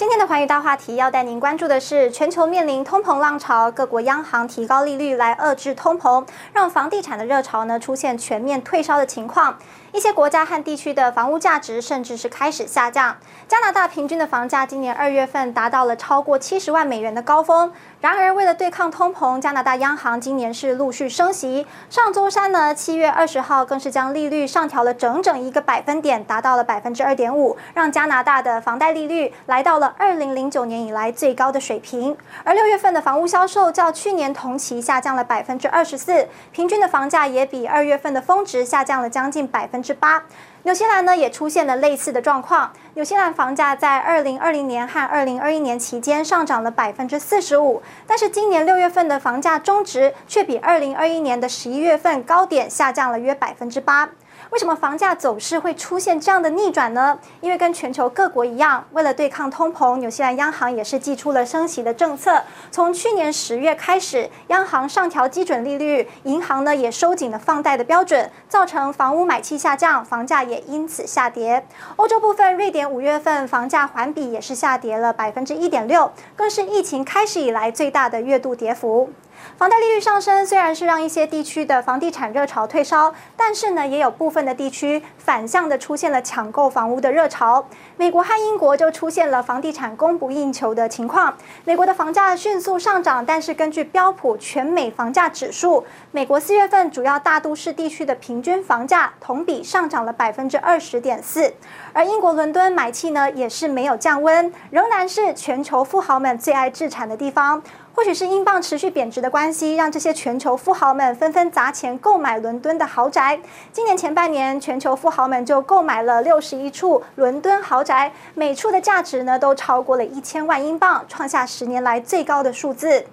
今天的寰宇大話題要帶您關注的是，全球面臨通膨浪潮，各國央行提高利率來遏制通膨，讓房地產的熱潮呢出現全面退燒的情況。一些國家和地區的房屋價值甚至是開始下降。加拿大平均的房價今年二月份達到了超過七十萬美元的高峰。然而，為了對抗通膨，加拿大央行今年是陸續升息。上週三呢，七月二十號更是將利率上調了整整一個百分點，達到了百分之二點五，讓加拿大的房貸利率來到了二零零九年以來最高的水平，而六月份的房屋銷售較去年同期下降了百分之二十四，平均的房價也比二月份的峰值下降了將近百分之八。紐西蘭呢也出現了類似的狀況，紐西蘭房價在二零二零年和二零二一年期間上漲了百分之四十五，但是今年六月份的房價中值卻比二零二一年的十一月份高點下降了約百分之八。為什麼房價走勢會出現這樣的逆轉呢？因為跟全球各國一樣，為了對抗通膨，紐西蘭央行也是祭出了升息的政策。從去年十月開始，央行上調基準利率，銀行呢也收緊了放貸的標準，造成房屋買氣下降，房價也因此下跌。歐洲部分，瑞典五月份房價環比也是下跌了百分之一點六，更是疫情開始以來最大的月度跌幅。房貸利率上升雖然是讓一些地區的房地產熱潮退燒，但是呢，也有部分的地區反向的出現了搶購房屋的熱潮。美國和英國就出現了房地產供不應求的情況。美國的房價迅速上漲，但是根據標普全美房價指數，美國四月份主要大都市地區的平均房價同比上漲了百分之二十點四。而英國倫敦買氣呢，也是沒有降溫，仍然是全球富豪們最愛置產的地方。或許是英鎊持續貶值的關係，讓這些全球富豪們紛紛砸錢購買倫敦的豪宅。今年前半年，全球富豪們就購買了六十一處倫敦豪宅，每處的價值呢都超過了一千萬英鎊，創下十年來最高的數字。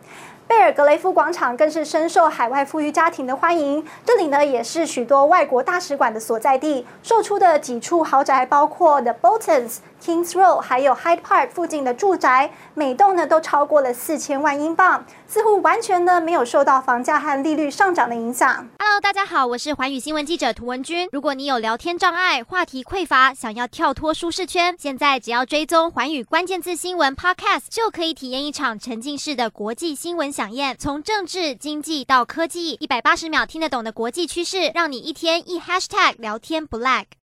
貝爾格雷夫廣場更是深受海外富裕家庭的歡迎，這裡呢也是許多外國大使館的所在地。售出的幾處豪宅包括 The Boltons、Kings Road，還有 Hyde Park 附近的住宅，每棟呢都超過了四千萬英鎊，似乎完全呢沒有受到房價和利率上漲的影響。Hello，大家好，我是寰宇新聞記者屠文君。如果你有聊天障礙、話題匱乏，想要跳脫舒適圈，現在只要追蹤寰宇關鍵字新聞 Podcast，就可以體驗一場沉浸式的國際新聞。寰宇從政治、經濟到科技，一百八十秒聽得懂的國際趨勢，讓你一天一 hashtag 聊天不 lag。